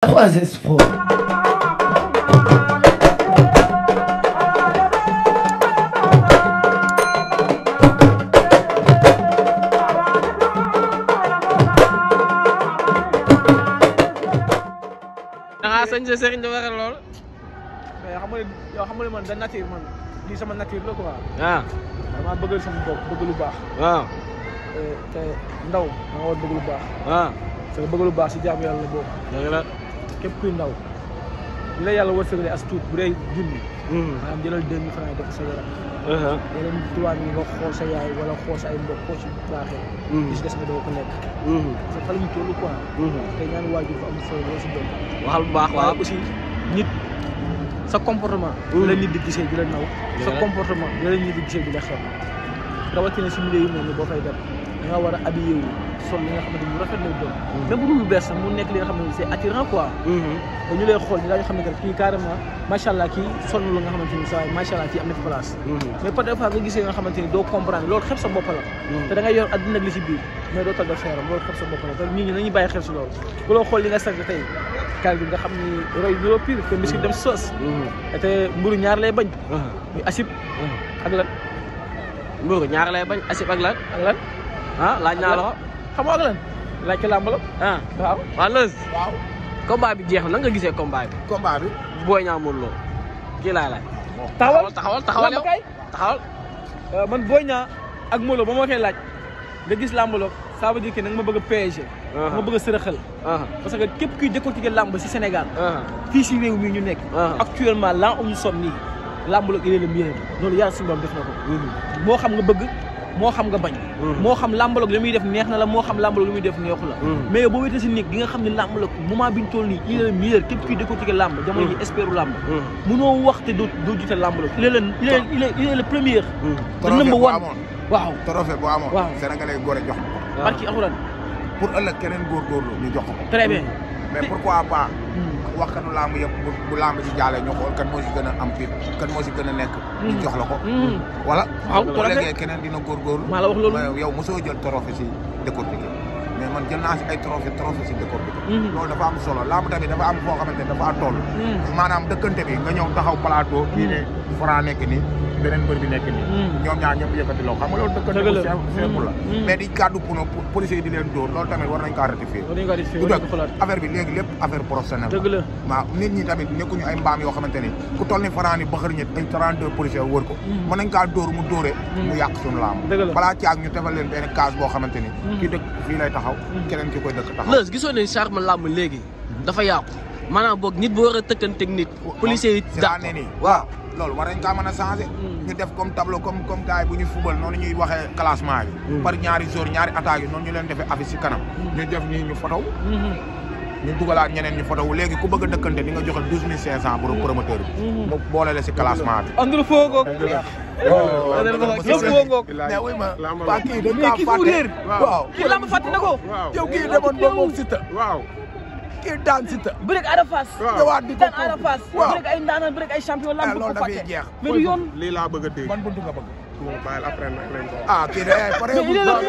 3S4. dangaa sañse Serigne da waral lool. mais xam nga yow xam nga man da nature man lii sama nature la quoi. waaw ah. dama bëggal sama bopp bëgg lu baax. waaw. Ah. Eh, te ndaw da nga war bëgg lu baax. waaw ah. te bëgg lu baax si jaamu yàlla la boobu. dëgg la. képp kuy ndaw li la yàlla wërsëgalee as tuut bu dee junni. Hmm. maanaam jëlal deux mille francs yi def sa yaram. yeneen tubaab yi nga xool sa yaay wala xool sa ay mbokk xool si baaxee. Hmm. gis des nga doo ko lekk. Hmm. parce que xale yu toll quoi. te ñaan waajur bu am solo lool si doom. waxal bu baax waaw aussi nit. sa comportement. bi la nit di gisee di la naw. sa comportement bi la nit di gisee di la xeeb. rawatina si milieu yi noonu boo fay def da nga war a habillé wu. sol li nga xamante mu rafet lay doon mm-hmm. même lu bees sax mu nekk li nga xamante ni c'est attirant quoi mm-hmm. ba ñu lay xool ñu daañu xamante ne kii carrément macha allah kii sol nga xamante ni saa macha kii am na fi place mm-hmm. mais peut-être fois nga gisee nga xamante ni doo comprendre yor adduna ak li ci biir mais doo tagga feeram loolu xeeb sa bopp bàyyi xel si loolu ku loo xool li nga sag tey kaal nga xam ni roy bi loo pire que biscuit dem soos te mburu ñaar lay bañ uh-huh. muy asib uh-huh. ak lan mburu ñaar lay bañ asib ak lan ak lan ah laaj naa la ko xam nga ak lan laajte la. ah waaw waaw Leuz. waaw bi jeex na nga gisee combat bi. combat bi. Boy Niang Modou Lo kii laa laaj. taxawal taxawal euh, man Boy Niang ak Modou Lo ba ma koy laaj nga gis làmb la ça veut dire que na ma bëgg a uh-huh. ma bëgg a sërëxal. Uh-huh. parce que képp kuy décortiquer làmb si Sénégal. Uh-huh. fii ci réew mi ñu nekk. actuellement là où la il est le meilleur loolu yàlla suñu borom def na ko. Mm-hmm. moo xam nga bëgg. moo xam nga bañ hmm. moo xam làmbaloog la muy def neex na la moo xam làmbaloog li muy def neexu la hmm. mais yow boo wéetee si néeg di nga xam ne làmb la moment bi nii il est meilleur képp kuy décortiquer làmb jamono ji hmm. espéru làmb mënoo waxte doo doo la il est le il est il est le premier the number one waaw trophée bu amoon waaw gore jox ko barki alxuraan pour ëllëg keneen góorgóorlu ñu jox ko très bien mais pourquoi pas. Hmm. waxkanu làmb yëpp bu bu làmb si jaal ñu xool kan moo si gën a am pip kan moo si gën a nekk. ñu hmm. jox la ko. Hmm. wala bu léegee keneen dina góorgóorlu. maa la wax loolu yow mosoo jël trophée si décortiqué mais man jël naa si ay trophée trophée si décortiqué. loolu dafa am solo làmb tamit dafa am foo xamante ne dafa toll. maanaam dëkkante bi nga ñëw taxaw plateau. kii ne Franc nekk nii. beneen mbër bi nekk nii hmm. ñoom ñaar ñëpp yëkkati loxo xam nga loolu dëkkante seeku la hmm. Hmm. mais di kàddu puno policier yi di leen dóor loolu tamit war nañ kaa ratifier du dëkk affaire bi léegi lépp affaire professionnelle waaw nit ñi tamit nekkuñu ay mbaam yoo xamante ni ku toll ni faraan yi ñet ay 32 policier wër ko mën nañ kaa dóor mu dóore mu yàq suñu laam balaa caag ñu defal leen benn case boo xamante ni kii dëkk fii lay taxaw keneen ki koy dëkk taxaw lës gisoon ne charme làmb léegi dafa ñu def comme tableau comme comme gars yi bu ñuy fubal noonu ñuy waxee classement bi mm. par ñaari jour ñaari attaques yi noonu ñu leen defee affiche ci kanam mm. ñu def ñii ñu photo mm-hmm. ñu dugalaat ñeneen ñu photo wu léegi ku bëgg a dëkkante di nga joxe douze mille cinq cent pour promoteur bi mm-hmm. boole la si classement bi andul foogoog mais wuy ma waa kii dañ kii fu réer waaw kii lamb fàtte na ko yow kii demoon ba si ta kii daan Siteu. bëreeg Ada Fass. waaw daan Ada ay ndaanaan bëreeg ay champion. lamb eh, ko fàtte mais du yoon lii laa a ban buntu nga bëgg. bàyyil après nag lañ ko. ah kii de eh, pare. Eh, lamb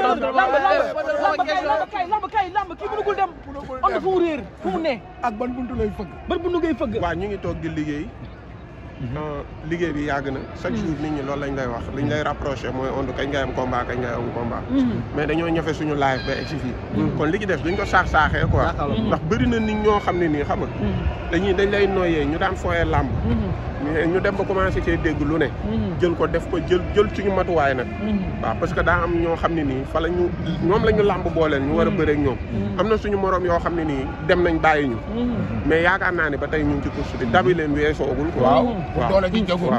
kay lamb kay lamb kii mënugul dem. am na fu mu ne. ak ban buntu lay fëgg. ban buntu ngay fëgg. waaw ñu ngi toog di liggéey Mhm. Euh, liggéey bi yàgg na chaque mhm. jour nit ñi loolu lañ lay wax liñ lay rapproché mooy Onde kañ ngay am combat kañ ngay am combat mhm. mais dañoo ñofee suñu live ba egsi fii kon li ci def dañ ko saax-saaxee quoi ndax bëri na nit ñoo xam ne nii xam nga dañuy dañ lay nooyee ñu daan fooyee làmb mais ñu dem ba commencé cee dégg lu ne. Mhm. jël ko def ko jël jël suñu matuwaay na mhm. waaw parce que daa am ñoo xam ne nii fa la ñu ñoom la ñu làmb booleel ñu war a mhm. bëreeg ñoom. am na suñu morom yoo xam ne nii dem nañ bàyyi ñu. mais yaakaar naa ne ba tey ñu ngi ci course bi dabi leen weesoogul. waaw waaw doole ji jagul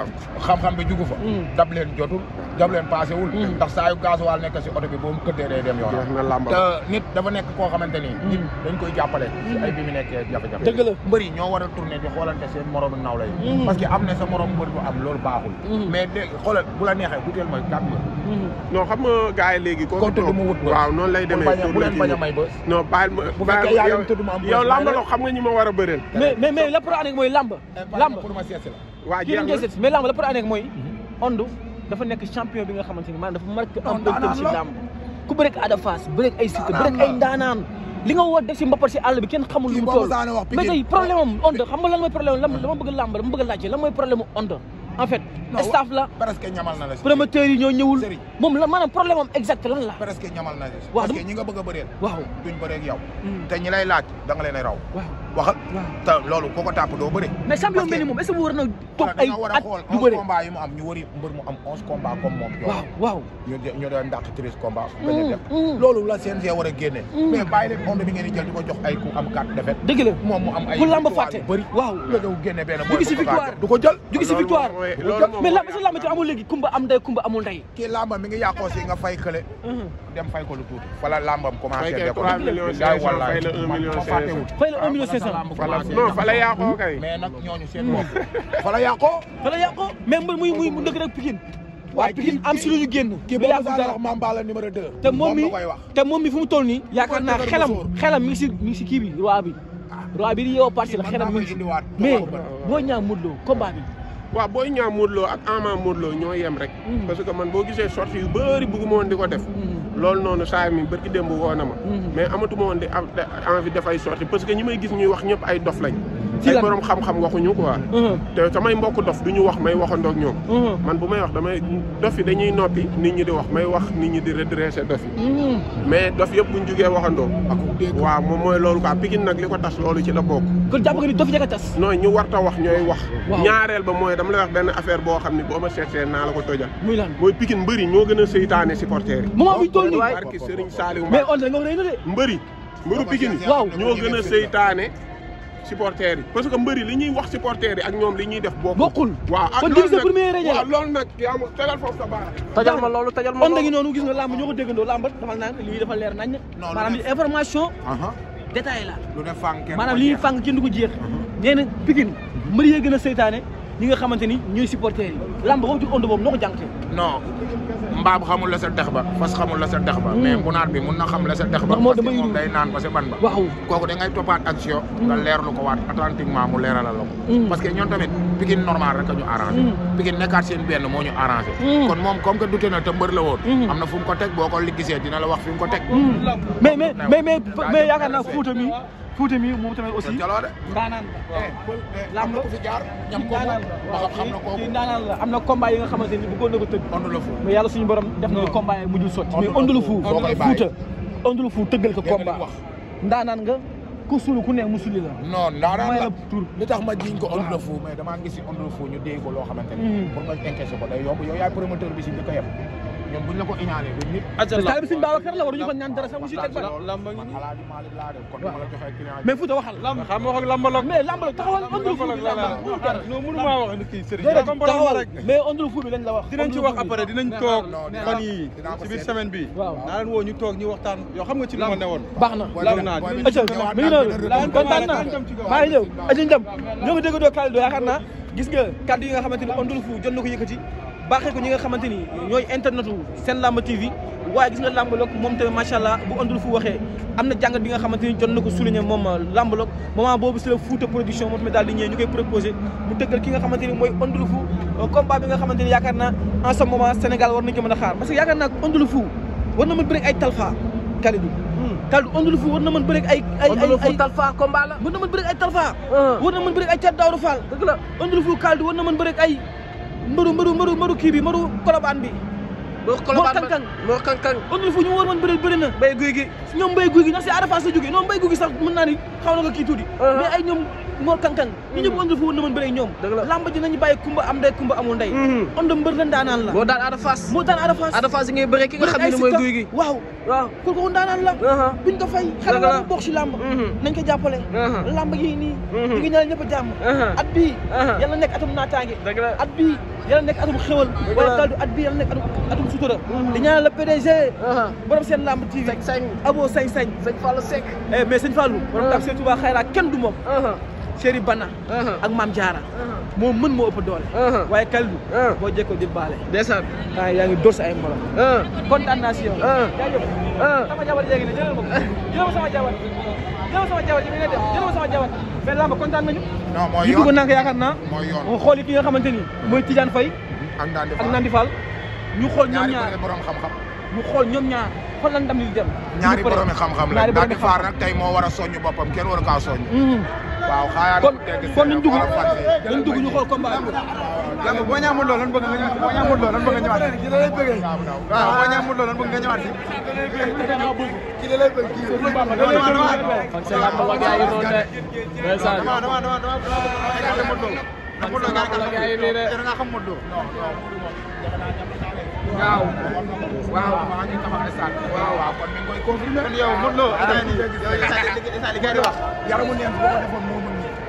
xam-xam bi jugu fa. dab leen jotul. jab leen passé wul mm. ndax saa yu gasoil nekk si oto bi boo këddee day dem yoon te nit dafa nekk koo xamante ni mm. nit dañ koy jàppale mm. si ay mbëri ñoo war a tourné di xoolante seen moroomu nawla yi parce que am ne sa morom mbër bu am loolu baaxul mais de xoolal bu la neexee butéel mooy kat ma xam nga gars yi léegi ko tudd mu wut waaw noonu lay demee bu leen bañ may ba non bàyyil ma tudd ma am la xam nga ma war a bëreel mais mais la pour année mooy làmb eh, la waaw jeex mooy mm-hmm. ondu dafa nekk champion bi nga xamante ni maanaam dafa marqué empreinte ci làmb ku bëreeg Ada Fass bëreeg ay Siteu bëreeg ay ndaanaan li nga woo si mbapat si àll bi kenn xamul lu mu toll mais tey problème am xam nga lan mooy problème am lan ma bëgg làmb dama bëgg laajte lan mooy en fait. staff la presque ñamal na la si. ñoo ñëwul. moom la maanaam exact lan la. presque ñamal na la si. parce que ñi a bëreel. waaw duñ bëree ak yow. Hmm. te ñi laaj da nga raw. waaw loolu koo ko tàpp doo bëri. mais champion mel moom est war na toog ay at hmm, hmm. loolu la CNG war a génne. mais bàyyi leen monde bi ngeen jël di jox ay ku am quatre défaite. dëgg la moom mu am waaw nga ñëw génne benn boy du oui loolu moom mais làmb sa làmb ci amul léegi kumba amul ndey. kii làmbam mi ngi yàqoo si nga fay kële. Mhm. dem fay ko lu fala làmbam commencé. fay 3 millions fay la 1 fay la 1 fala non fala yàqoo kay. Mhm. muy mu dëkk rek Pikine. waaye Pikine am si lu ñu te moom mi te moom mi fu mu toll nii. naa xelam mi si mi ngi si kii bi roi ah. xelam mi ngi si mais boo ñaa mudloo combat bi waaw booy ñaa Modou ak Ama Modou ñoo yem rek. Mm-hmm. parce que man boo gisee sorties yu bëri bëgguma woon di ko def. Mm-hmm. loolu noonu saa mi bërki démb woo na ma. Mm-hmm. mais amatuma woon di envie def ay sorties parce que ñi may gis ñuy wax ñëpp ay dof lañ. ay borom xam-xam waxuñu quoi. Mhm. te samay mbokk dof du ñu wax may waxandoog ñoom. Mhm. man bu may wax damay dof yi dañuy noppi nit ñi di wax may wax nit ñi di redresser dof yi. Mhm. mais dof yëpp buñ jugee waxandoo. waaw moom mooy loolu quoi Pikine nag li ko tas loolu ci la bokk. kon jàpp nga ni tas. non ñu warta wax ñooy wax. ñaareel ba mooy dama la wax benn affaire boo xam ne boo ma seetee naa la ko tojal. mooy Pikine mbëri ñoo gën a seytaane supporter yi. moment bi toll nii waay barke Serigne Saliou. mais on mbëri ñoo gën a seytaane supporters yi parce que mbëri li ñuy wax supporters ak ñoom li ñuy def bokkul bokkul waaw kon gis nga premier ma tegal foofu sa tajal ma loolu tajal ma loolu on ngi noonu gis nga làmb ñoo ko déggandoo làmb dafa dafa leer nañ maanaam li information détail li fànk kenn du ko jeex nee na Pikine mbëri yee gën a seytaane ñi nga xamante ni ñooy supporter yi noo ko jàngatee non mbaam xamul sa dex ba fas xamul sa dex ba mais munaat hmm. bi mun na xam sa dex ba parce moom day naan ba sa ba hmm. hmm. parce que ñoom tamit Pikine normal rek a ñu arrangé Pikine nekkaat seen benn moo ñu arrangé kon moom comme que dute na te la woon am na fu mu teg boo ko gisee dina la wax fi mu teg mais mais mais naa Fouta Fouta mi moom tamit aussi eh, ndaanaan la am na combat yi nga xamante ni na ko tëgg mais yàlla suñu borom def na combat mujjul sotti mais Onde le Fou Fouta Onde tëggal ko combat ndaanaan nga ku sulu ku ne mu suli la non ndaanaan la li tax ma jiñ ko Onde le Fou mais damaa gis si Onde le Fou ñu dégg ko loo xamante ni mm. pour nga encaisser ko day yomb yow bi si bi yem ñoom buñ la ko iñaanee duñ nit. ajalla bi ko ñaan dara sax mu teg ba. lamba ngi nii mais Fouta waxal. lamba xam nga wax ak lamba la. mais lamba la taxawal ondul bi lamba la. non mënuma wax ni kii Serigne. déedéet taxawal rek mais ondul fu toog fan yi ñu toog ñu waxtaan baax na lamba naa mi ngi noonu kontaan na maa ngi ñëw aji njam ñoo ngi dégg doo Kalidou yaakaar naa gis nga kaddu yi nga xamante ni ondul fu jot na baaxee ko ñi nga xamante ñooy internet seen làmb TV waaye gis nga làmb loog moom tamit macha allah bu andul fu waxee am na jàngat bi nga xamante ni na ko souligné moom euh, làmb loog moment boobu si la Fouta production moom tamit daal di ñëwee ñu koy proposé mu tëggal ki nga xamante mooy andul fu euh, combat bi nga xamante yaakaar naa en ce moment Sénégal war nañ ko xaar parce que yaakaar naa andul fu war na mën bëri ay talfa Kalidou hmm. Kalidou mbëru mbëru mbëru mbëru kii bi mbëru kolobaan bi moo kankang moo kankang ëndul fu ñu war mën bëri bëri na guy gi ñoom mbay guy gi ndax si Ada Fass la jógee noonu mbay guy gi sax mën naa ni xaw na ko kii tuuti uh-huh. mais ay ñoom Mor Kankan ñu mm-hmm. ñëpp ënd fa woon na mën bëre ñoom lamba ji nañu bàyyi kumba am ndey kumba amul ndey onda mm-hmm. mbër lan daanaan la moo daan Ada Fass moo daan Ada Fass Ada Fass yi ngay bëre ki nga xam ne mooy guy gi waaw waaw kooku woon daanaan la uh-huh. buñ ko fay xale la mu bokk si lamba nañ ko jàppale uh-huh. lamba yi nii mm-hmm. ñu ngi ñaanal ñëpp a jàmm uh-huh. at bii yàlla nekk atum naataange at bii yàlla nekk atum xéwal wala daldu at bii yàlla nekk atum sutura di ñaanal la PDG borom seen lamb TV abo sañ sañ sëñ Fallou Seck eh, mais sëñ Fallou borom tax Touba xayra kenn du moom Chéri Bana. Uh-huh. ak Maam Jaara. Uh-huh. moo mën moo ëpp doole. Uh-huh. waaye Kalidou. boo jékkoon di baale. ndeysaan. ah yaa ngi dóor sa ay morom. kontaan naa si yow. jaajëf. sama jabar léegi ne jëlal ma ko jëlal ma sama jabar jëlal ma sama jabar ji mi ma sama jabar mais lamba nañu. non mooy yoon li dugg naa ko yaakaar naa. mooy yoon moo xool ki nga xamante ni mooy Tidiane Faye. ak Nandi Fall ak Nandi Fall. ñu xool ñoom ñaar borom xam-xam. ñu xool ñoom ñaar fan lan ndam li dem. ñaari borom xam-xam la Nandi Fall moo war a soññ boppam kenn war a kaa kon kon nañ dugg nañ dugg ñu xool combat bi. waaw boo ñaaxul lool lan bëgg nga ñëwaat boo ñaaxul lool lan bëgg nga ñëwaat si. waaw boo ñaaxul lool lan bëgg nga ñëwaat si. kii da lay bëgg kii da lay bëgg kii da lay bëgg. kon seen làmb la gaa yi noonu de. dama dama dama dama dama Modou Lo. Modou Lo nga xam Modou Lo. waaw waaw maa ngi taxaw stade waaw waaw kon mi ngi koy confirmé kon yow Modou Lo. yow li nga di wax yaramu neen boo ko defoon moom